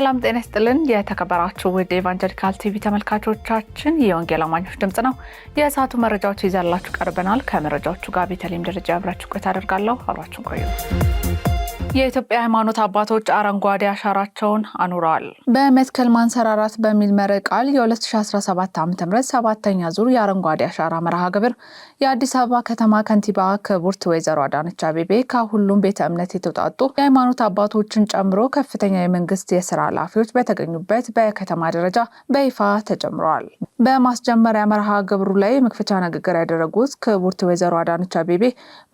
ሰላም ጤና ይስጥልን። የተከበራችሁ ውድ ኤቫንጀሊካል ቲቪ ተመልካቾቻችን የወንጌል አማኞች ድምፅ ነው። የእሳቱ መረጃዎች ይዘላችሁ ቀርበናል። ከመረጃዎቹ ጋር ቤተልሔም ደረጃ አብራችሁ ቆይታ አደርጋለሁ። አብራችሁን ቆዩ። የኢትዮጵያ ሃይማኖት አባቶች አረንጓዴ አሻራቸውን አኑረዋል። በመትከል ማንሰራራት በሚል መሪ ቃል የ2017 ዓ.ም ሰባተኛ ዙር የአረንጓዴ አሻራ መርሃ ግብር የአዲስ አበባ ከተማ ከንቲባ ክቡርት ወይዘሮ አዳነች አቤቤ ከሁሉም ቤተ እምነት የተውጣጡ የሃይማኖት አባቶችን ጨምሮ ከፍተኛ የመንግስት የስራ ኃላፊዎች በተገኙበት በከተማ ደረጃ በይፋ ተጀምረዋል። በማስጀመሪያ መርሃ ግብሩ ላይ መክፈቻ ንግግር ያደረጉት ክቡርት ወይዘሮ አዳነች አቤቤ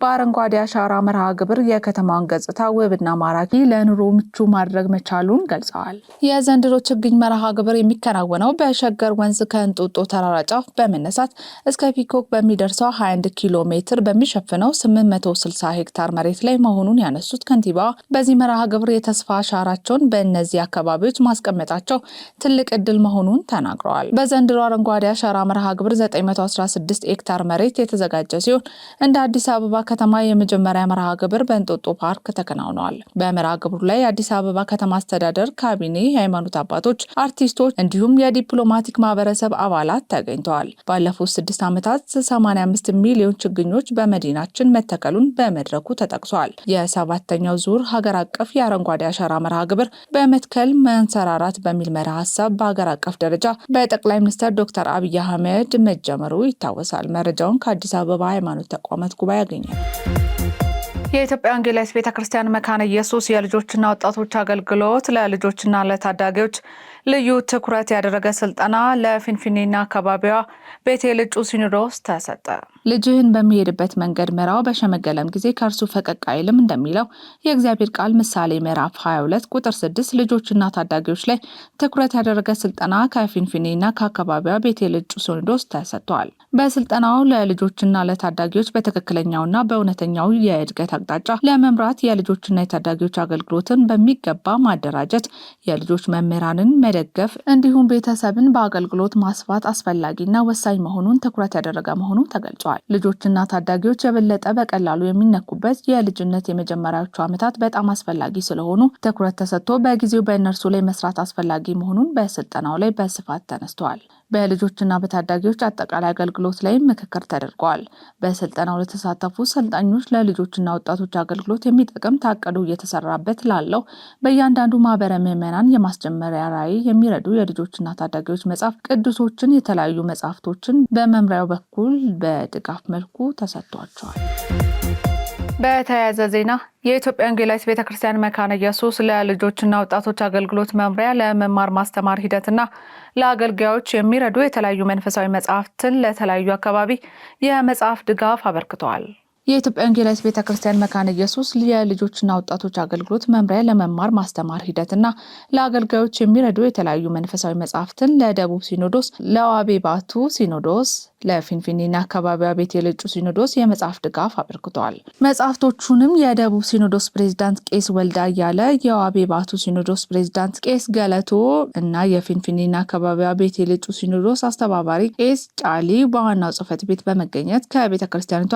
በአረንጓዴ አሻራ መርሃ ግብር የከተማውን ገጽታ ውብና ማራኪ ለኑሮ ምቹ ማድረግ መቻሉን ገልጸዋል። የዘንድሮ ችግኝ መርሃ ግብር የሚከናወነው በሸገር ወንዝ ከእንጦጦ ተራራ ጫፍ በመነሳት እስከ ፒኮክ በሚደርሰው 21 ኪሎ ሜትር በሚሸፍነው 860 ሄክታር መሬት ላይ መሆኑን ያነሱት ከንቲባ በዚህ መርሃ ግብር የተስፋ አሻራቸውን በእነዚህ አካባቢዎች ማስቀመጣቸው ትልቅ ዕድል መሆኑን ተናግረዋል። በዘንድሮ አረንጓዴ አሻራ መርሃ ግብር 916 ሄክታር መሬት የተዘጋጀ ሲሆን እንደ አዲስ አበባ ከተማ የመጀመሪያ መርሃ ግብር በእንጦጦ ፓርክ ተከናውኗል። ሆነዋል። በመርሃ ግብሩ ላይ የአዲስ አበባ ከተማ አስተዳደር ካቢኔ፣ የሃይማኖት አባቶች፣ አርቲስቶች እንዲሁም የዲፕሎማቲክ ማህበረሰብ አባላት ተገኝተዋል። ባለፉት ስድስት ዓመታት 85 ሚሊዮን ችግኞች በመዲናችን መተከሉን በመድረኩ ተጠቅሷል። የሰባተኛው ዙር ሀገር አቀፍ የአረንጓዴ አሻራ መርሃ ግብር በመትከል መንሰራራት በሚል መርህ ሀሳብ በሀገር አቀፍ ደረጃ በጠቅላይ ሚኒስትር ዶክተር አብይ አህመድ መጀመሩ ይታወሳል። መረጃውን ከአዲስ አበባ ሃይማኖት ተቋማት ጉባኤ ያገኛል። የኢትዮጵያ ወንጌላዊት ቤተ ክርስቲያን መካነ ኢየሱስ የልጆችና ወጣቶች አገልግሎት ለልጆችና ለታዳጊዎች ልዩ ትኩረት ያደረገ ስልጠና ለፊንፊኔና አካባቢዋ ቤቴ ልጩ ሲኖዶስ ተሰጠ። ልጅህን በሚሄድበት መንገድ ምራው፣ በሸመገለም ጊዜ ከእርሱ ፈቀቅ አይልም እንደሚለው የእግዚአብሔር ቃል ምሳሌ ምዕራፍ 22 ቁጥር 6 ልጆችና ታዳጊዎች ላይ ትኩረት ያደረገ ስልጠና ከፊንፊኔና ከአካባቢዋ ቤቴ ልጩ ሲኖዶስ ተሰጥቷል። በስልጠናው ለልጆችና ለታዳጊዎች በትክክለኛውና በእውነተኛው የእድገት አቅጣጫ ለመምራት የልጆችና የታዳጊዎች አገልግሎትን በሚገባ ማደራጀት፣ የልጆች መምህራንን መደገፍ እንዲሁም ቤተሰብን በአገልግሎት ማስፋት አስፈላጊና ወሳኝ መሆኑን ትኩረት ያደረገ መሆኑ ተገልጿል። ልጆችና ታዳጊዎች የበለጠ በቀላሉ የሚነኩበት የልጅነት የመጀመሪያዎቹ ዓመታት በጣም አስፈላጊ ስለሆኑ ትኩረት ተሰጥቶ በጊዜው በእነርሱ ላይ መስራት አስፈላጊ መሆኑን በስልጠናው ላይ በስፋት ተነስተዋል። በልጆችና በታዳጊዎች አጠቃላይ አገልግሎት አገልግሎት ላይ ምክክር ተደርገዋል። በስልጠናው ለተሳተፉ ሰልጣኞች ለልጆችና ወጣቶች አገልግሎት የሚጠቅም ታቀዱ እየተሰራበት ላለው በእያንዳንዱ ማህበረ ምዕመናን የማስጀመሪያ ራዕይ የሚረዱ የልጆችና ታዳጊዎች መጽሐፍ ቅዱሶችን፣ የተለያዩ መጽሐፍቶችን በመምሪያው በኩል በድጋፍ መልኩ ተሰጥቷቸዋል። በተያያዘ ዜና የኢትዮጵያ ወንጌላዊት ቤተ ክርስቲያን መካነ ኢየሱስ ለልጆችና ወጣቶች አገልግሎት መምሪያ ለመማር ማስተማር ሂደትና ለአገልጋዮች የሚረዱ የተለያዩ መንፈሳዊ መጽሐፍትን ለተለያዩ አካባቢ የመጽሐፍ ድጋፍ አበርክተዋል። የኢትዮጵያ ወንጌላዊት ቤተ ክርስቲያን መካነ ኢየሱስ የልጆችና ወጣቶች አገልግሎት መምሪያ ለመማር ማስተማር ሂደትና ለአገልጋዮች የሚረዱ የተለያዩ መንፈሳዊ መጽሐፍትን ለደቡብ ሲኖዶስ፣ ለዋቤ ባቱ ሲኖዶስ፣ ለፊንፊኒና አካባቢዋ ቤት የልጩ ሲኖዶስ የመጽሐፍ ድጋፍ አበርክተዋል። መጽሐፍቶቹንም የደቡብ ሲኖዶስ ፕሬዚዳንት ቄስ ወልዳ እያለ፣ የዋቤ ባቱ ሲኖዶስ ፕሬዚዳንት ቄስ ገለቶ እና የፊንፊኒና አካባቢዋ ቤት የልጩ ሲኖዶስ አስተባባሪ ቄስ ጫሊ በዋናው ጽሕፈት ቤት በመገኘት ከቤተ ክርስቲያኒቷ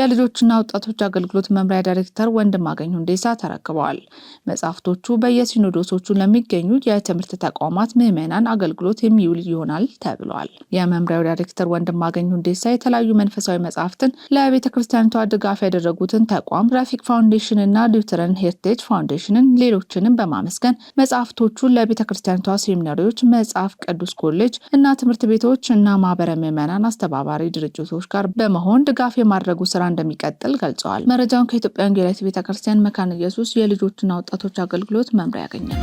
የልጆ የሴቶችና ወጣቶች አገልግሎት መምሪያ ዳይሬክተር ወንድማገኝ ሁንዴሳ ተረክበዋል። መጽሐፍቶቹ በየሲኖዶሶቹ ለሚገኙ የትምህርት ተቋማት ምዕመናን አገልግሎት የሚውል ይሆናል ተብሏል። የመምሪያው ዳይሬክተር ወንድማገኝ ሁንዴሳ የተለያዩ መንፈሳዊ መጽሐፍትን ለቤተ ክርስቲያኒቷ ድጋፍ ያደረጉትን ተቋም ፋውንዴሽን ፋውንዴሽንና ሉተረን ሄሪቴጅ ፋውንዴሽንን ሌሎችንም በማመስገን መጽሐፍቶቹን ለቤተ ክርስቲያኒቷ ሴሚናሪዎች፣ መጽሐፍ ቅዱስ ኮሌጅ እና ትምህርት ቤቶች እና ማህበረ ምዕመናን አስተባባሪ ድርጅቶች ጋር በመሆን ድጋፍ የማድረጉ ስራ እንደሚ እንደሚቀጥል ገልጸዋል። መረጃውን ከኢትዮጵያ ወንጌላዊት ቤተክርስቲያን መካነ ኢየሱስ የልጆችና ወጣቶች አገልግሎት መምሪያ ያገኘ ነው።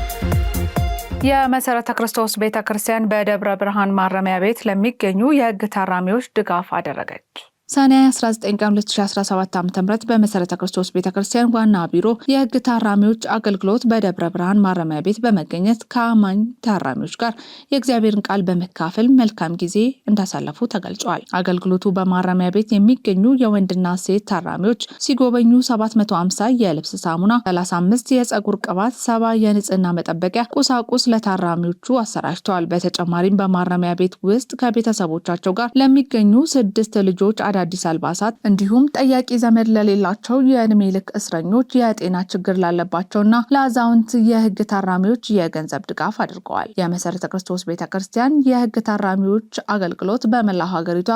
የመሰረተ ክርስቶስ ቤተ ክርስቲያን በደብረ ብርሃን ማረሚያ ቤት ለሚገኙ የህግ ታራሚዎች ድጋፍ አደረገች። ሰኔ 19 ቀን 2017 ዓ.ም በመሰረተ ክርስቶስ ቤተ ክርስቲያን ዋና ቢሮ የሕግ ታራሚዎች አገልግሎት በደብረ ብርሃን ማረሚያ ቤት በመገኘት ከአማኝ ታራሚዎች ጋር የእግዚአብሔርን ቃል በመካፈል መልካም ጊዜ እንዳሳለፉ ተገልጿል። አገልግሎቱ በማረሚያ ቤት የሚገኙ የወንድና ሴት ታራሚዎች ሲጎበኙ 750 የልብስ ሳሙና፣ 35 የፀጉር ቅባት፣ ሰባ የንጽህና መጠበቂያ ቁሳቁስ ለታራሚዎቹ አሰራጅተዋል። በተጨማሪም በማረሚያ ቤት ውስጥ ከቤተሰቦቻቸው ጋር ለሚገኙ ስድስት ልጆች አዳዲስ አልባሳት እንዲሁም ጠያቂ ዘመድ ለሌላቸው የእድሜ ልክ እስረኞች፣ የጤና ችግር ላለባቸውና ለአዛውንት የህግ ታራሚዎች የገንዘብ ድጋፍ አድርገዋል። የመሰረተ ክርስቶስ ቤተ ክርስቲያን የህግ ታራሚዎች አገልግሎት በመላ ሀገሪቷ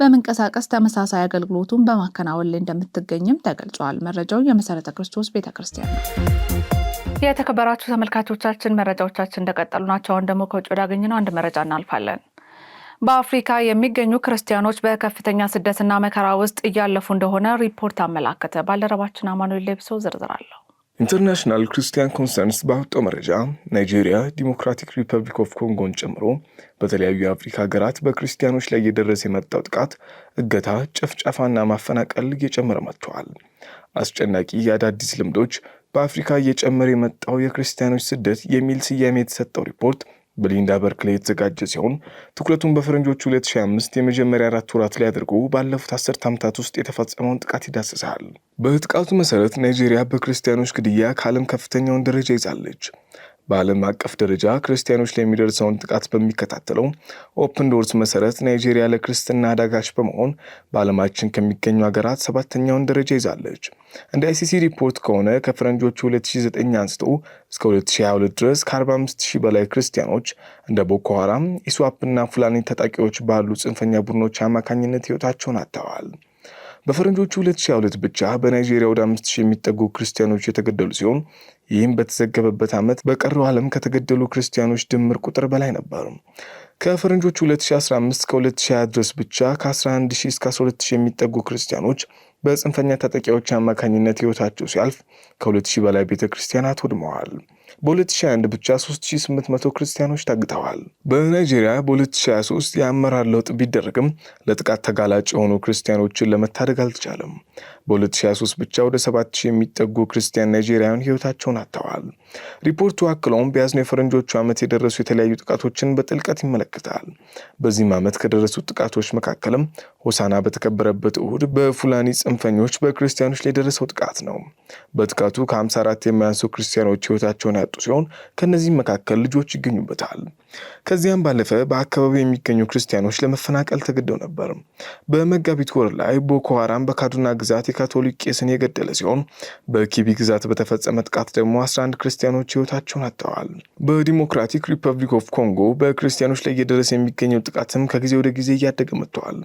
በመንቀሳቀስ ተመሳሳይ አገልግሎቱን በማከናወን ላይ እንደምትገኝም ተገልጿል። መረጃው የመሰረተ ክርስቶስ ቤተ ክርስቲያን ነው። የተከበራችሁ ተመልካቾቻችን መረጃዎቻችን እንደቀጠሉ ናቸው። አሁን ደግሞ ከውጭ ነው አንድ መረጃ እናልፋለን። በአፍሪካ የሚገኙ ክርስቲያኖች በከፍተኛ ስደትና መከራ ውስጥ እያለፉ እንደሆነ ሪፖርት አመላከተ። ባልደረባችን አማኑኤል ሌብሶ ዝርዝር አለው። ኢንተርናሽናል ክርስቲያን ኮንሰርንስ ባወጣው መረጃ ናይጄሪያ፣ ዲሞክራቲክ ሪፐብሊክ ኦፍ ኮንጎን ጨምሮ በተለያዩ የአፍሪካ ሀገራት በክርስቲያኖች ላይ እየደረሰ የመጣው ጥቃት፣ እገታ፣ ጭፍጨፋና ማፈናቀል እየጨመረ መጥተዋል። አስጨናቂ የአዳዲስ ልምዶች በአፍሪካ እየጨመረ የመጣው የክርስቲያኖች ስደት የሚል ስያሜ የተሰጠው ሪፖርት በሊንዳ በርክሌ የተዘጋጀ ሲሆን ትኩረቱን በፈረንጆቹ 2025 የመጀመሪያ አራት ወራት ላይ አድርጎ ባለፉት አስርት ዓመታት ውስጥ የተፈጸመውን ጥቃት ይዳስሳል። በጥቃቱ መሰረት ናይጄሪያ በክርስቲያኖች ግድያ ከዓለም ከፍተኛውን ደረጃ ይዛለች። በዓለም አቀፍ ደረጃ ክርስቲያኖች ላይ የሚደርሰውን ጥቃት በሚከታተለው ኦፕን ዶርስ መሰረት ናይጄሪያ ለክርስትና አዳጋች በመሆን በዓለማችን ከሚገኙ ሀገራት ሰባተኛውን ደረጃ ይዛለች። እንደ አይሲሲ ሪፖርት ከሆነ ከፈረንጆቹ 2009 አንስቶ እስከ 2022 ድረስ ከ45 በላይ ክርስቲያኖች እንደ ቦኮ ሐራም፣ ኢስዋፕና ፉላኒ ታጣቂዎች ባሉ ጽንፈኛ ቡድኖች አማካኝነት ህይወታቸውን አጥተዋል። በፈረንጆቹ 2022 ብቻ በናይጄሪያ ወደ 5000 የሚጠጉ ክርስቲያኖች የተገደሉ ሲሆን ይህም በተዘገበበት ዓመት በቀረው ዓለም ከተገደሉ ክርስቲያኖች ድምር ቁጥር በላይ ነበሩ። ከፈረንጆቹ 2015 ከ2020 ድረስ ብቻ ከ11000 እስከ 12000 የሚጠጉ ክርስቲያኖች በጽንፈኛ ታጣቂዎች አማካኝነት ሕይወታቸው ሲያልፍ ከ2000 በላይ ቤተ ክርስቲያናት ወድመዋል። በ2021 ብቻ 3800 ክርስቲያኖች ታግተዋል። በናይጄሪያ በ2023 የአመራር ለውጥ ቢደረግም ለጥቃት ተጋላጭ የሆኑ ክርስቲያኖችን ለመታደግ አልተቻለም። በ2023 ብቻ ወደ 7000 የሚጠጉ ክርስቲያን ናይጄሪያውያን ህይወታቸውን አጥተዋል። ሪፖርቱ አክለውም በያዝነው የፈረንጆቹ ዓመት የደረሱ የተለያዩ ጥቃቶችን በጥልቀት ይመለከታል። በዚህም ዓመት ከደረሱ ጥቃቶች መካከልም ሆሳና በተከበረበት እሁድ በፉላኒ ጽንፈኞች በክርስቲያኖች ላይ የደረሰው ጥቃት ነው። በጥቃቱ ከ54 የማያንሱ ክርስቲያኖች ህይወታቸውን ያጡ ሲሆን ከእነዚህም መካከል ልጆች ይገኙበታል። ከዚያም ባለፈ በአካባቢው የሚገኙ ክርስቲያኖች ለመፈናቀል ተገደው ነበር። በመጋቢት ወር ላይ ቦኮ በካዱና ግዛት የካቶሊክ ቄስን የገደለ ሲሆን በኪቢ ግዛት በተፈጸመ ጥቃት ደግሞ 11 ክርስቲያኖች ህይወታቸውን አጥተዋል። በዲሞክራቲክ ሪፐብሊክ ኦፍ ኮንጎ በክርስቲያኖች ላይ እየደረሰ የሚገኘው ጥቃትም ከጊዜ ወደ ጊዜ እያደገ መጥተዋል።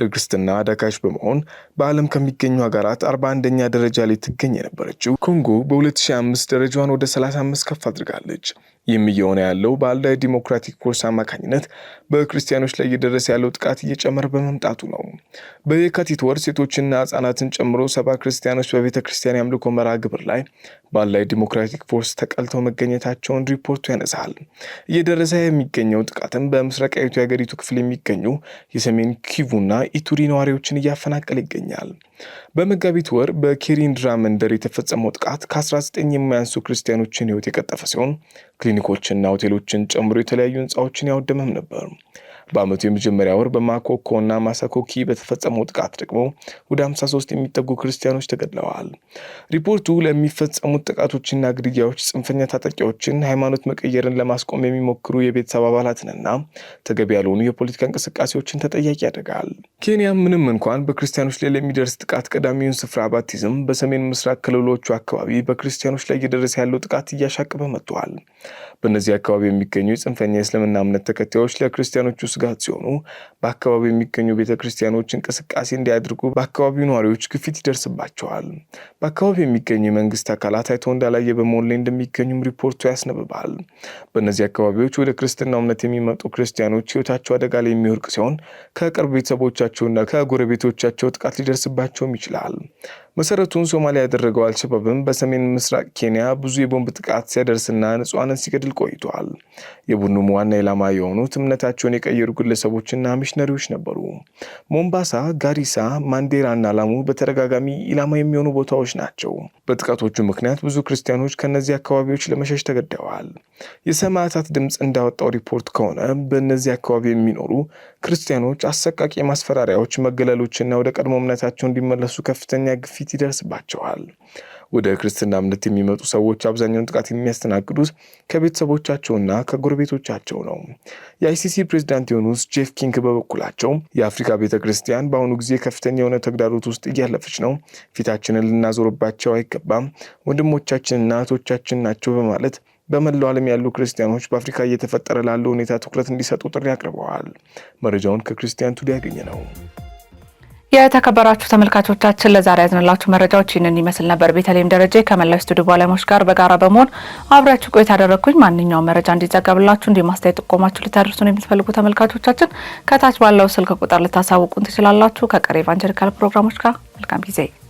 ለክርስትና አዳጋች በመሆን በዓለም ከሚገኙ ሀገራት 41ኛ ደረጃ ላይ ትገኝ የነበረችው ኮንጎ በ2005 ደረጃዋን ወደ 35 ከፍ አድርጋለች። ይህም እየሆነ ያለው በአልዳይ ዲሞክራቲክ ፎርስ አማካኝነት በክርስቲያኖች ላይ እየደረሰ ያለው ጥቃት እየጨመረ በመምጣቱ ነው። በየካቲት ወር ሴቶችና ህጻናትን ጨምሮ ሰባ ክርስቲያኖች በቤተ ክርስቲያን የአምልኮ መርሃ ግብር ላይ በአልዳይ ዲሞክራቲክ ፎርስ ተቀልተው መገኘታቸውን ሪፖርቱ ያነሳል። እየደረሰ የሚገኘው ጥቃትም በምስራቃዊቱ የሀገሪቱ ክፍል የሚገኙ የሰሜን ኪቡና ኢቱሪ ነዋሪዎችን እያፈናቀለ ይገኛል። በመጋቢት ወር በኬሪንድራ መንደር የተፈጸመው ጥቃት ከ19 የማያንሱ ክርስቲያኖችን ህይወት የቀጠፈ ሲሆን ክሊኒኮችና ሆቴሎችን ጨምሮ የተለያዩ ህንፃዎችን ያወደመም ነበር። በአመቱ የመጀመሪያ ወር እና ማሳኮኪ በተፈጸመው ጥቃት ደግሞ ወደ 53 የሚጠጉ ክርስቲያኖች ተገድለዋል። ሪፖርቱ ለሚፈጸሙት ጥቃቶችና ግድያዎች ጽንፈኛ ታጠቂዎችን፣ ሃይማኖት መቀየርን ለማስቆም የሚሞክሩ የቤተሰብ አባላትንና ተገቢ ያልሆኑ የፖለቲካ እንቅስቃሴዎችን ተጠያቂ ያደርጋል። ኬንያ ምንም እንኳን በክርስቲያኖች ላይ ለሚደርስ ጥቃት ቀዳሚውን ስፍራ ባቲዝም በሰሜን ምስራቅ ክልሎቹ አካባቢ በክርስቲያኖች ላይ እየደረሰ ያለው ጥቃት እያሻቀበ መጥቷል። በእነዚህ አካባቢ የሚገኙ የጽንፈኛ የእስልምና እምነት ተከታዮች ለክርስቲያኖቹ ስጋት ሲሆኑ በአካባቢው የሚገኙ ቤተ ክርስቲያኖች እንቅስቃሴ እንዲያደርጉ በአካባቢው ነዋሪዎች ግፊት ይደርስባቸዋል። በአካባቢው የሚገኙ የመንግስት አካላት አይቶ እንዳላየ በመሆን ላይ እንደሚገኙም ሪፖርቱ ያስነብባል። በእነዚህ አካባቢዎች ወደ ክርስትና እምነት የሚመጡ ክርስቲያኖች ህይወታቸው አደጋ ላይ የሚወርቅ ሲሆን ከቅርብ ቤተሰቦቻቸውና ከጎረቤቶቻቸው ጥቃት ሊደርስባቸውም ይችላል። መሰረቱን ሶማሊያ ያደረገው አልሸባብም በሰሜን ምስራቅ ኬንያ ብዙ የቦምብ ጥቃት ሲያደርስና ንጹሐንን ሲገድል ቆይቷል። የቡድኑም ዋና ኢላማ የሆኑት እምነታቸውን የቀየሩ ግለሰቦችና ሚሽነሪዎች ነበሩ። ሞምባሳ፣ ጋሪሳ፣ እና ላሙ በተደጋጋሚ ኢላማ የሚሆኑ ቦታዎች ናቸው። በጥቃቶቹ ምክንያት ብዙ ክርስቲያኖች ከእነዚህ አካባቢዎች ለመሸሽ ተገደዋል። የሰማዕታት ድምፅ እንዳወጣው ሪፖርት ከሆነ በእነዚህ አካባቢ የሚኖሩ ክርስቲያኖች አሰቃቂ ማስፈራሪያዎች፣ መገለሎችና ወደ ቀድሞ እምነታቸው እንዲመለሱ ከፍተኛ ግፊት ይደርስባቸዋል። ወደ ክርስትና እምነት የሚመጡ ሰዎች አብዛኛውን ጥቃት የሚያስተናግዱት ከቤተሰቦቻቸውና ከጎረቤቶቻቸው ነው። የአይሲሲ ፕሬዚዳንት የሆኑት ጄፍ ኪንግ በበኩላቸው የአፍሪካ ቤተ ክርስቲያን በአሁኑ ጊዜ ከፍተኛ የሆነ ተግዳሮት ውስጥ እያለፈች ነው፣ ፊታችንን ልናዞርባቸው አይገባም፣ ወንድሞቻችንና እህቶቻችን ናቸው በማለት በመላው ዓለም ያሉ ክርስቲያኖች በአፍሪካ እየተፈጠረ ላለው ሁኔታ ትኩረት እንዲሰጡ ጥሪ አቅርበዋል። መረጃውን ከክርስቲያን ቱዲ ያገኘ ነው። የተከበራችሁ ተመልካቾቻችን ለዛሬ ያዝንላችሁ መረጃዎች ይህንን ይመስል ነበር። ቤተልሔም ደረጀ ከመላው ስቱዲዮ ባለሙያዎች ጋር በጋራ በመሆን አብሬያችሁ ቆይታ ያደረግኩኝ። ማንኛውም መረጃ እንዲዘገብላችሁ እንዲሁም አስተያየት ጥቆማችሁ ልታደርሱን የምትፈልጉ ተመልካቾቻችን ከታች ባለው ስልክ ቁጥር ልታሳውቁን ትችላላችሁ። ከቀሪ ኢቫንጀሊካል ፕሮግራሞች ጋር መልካም ጊዜ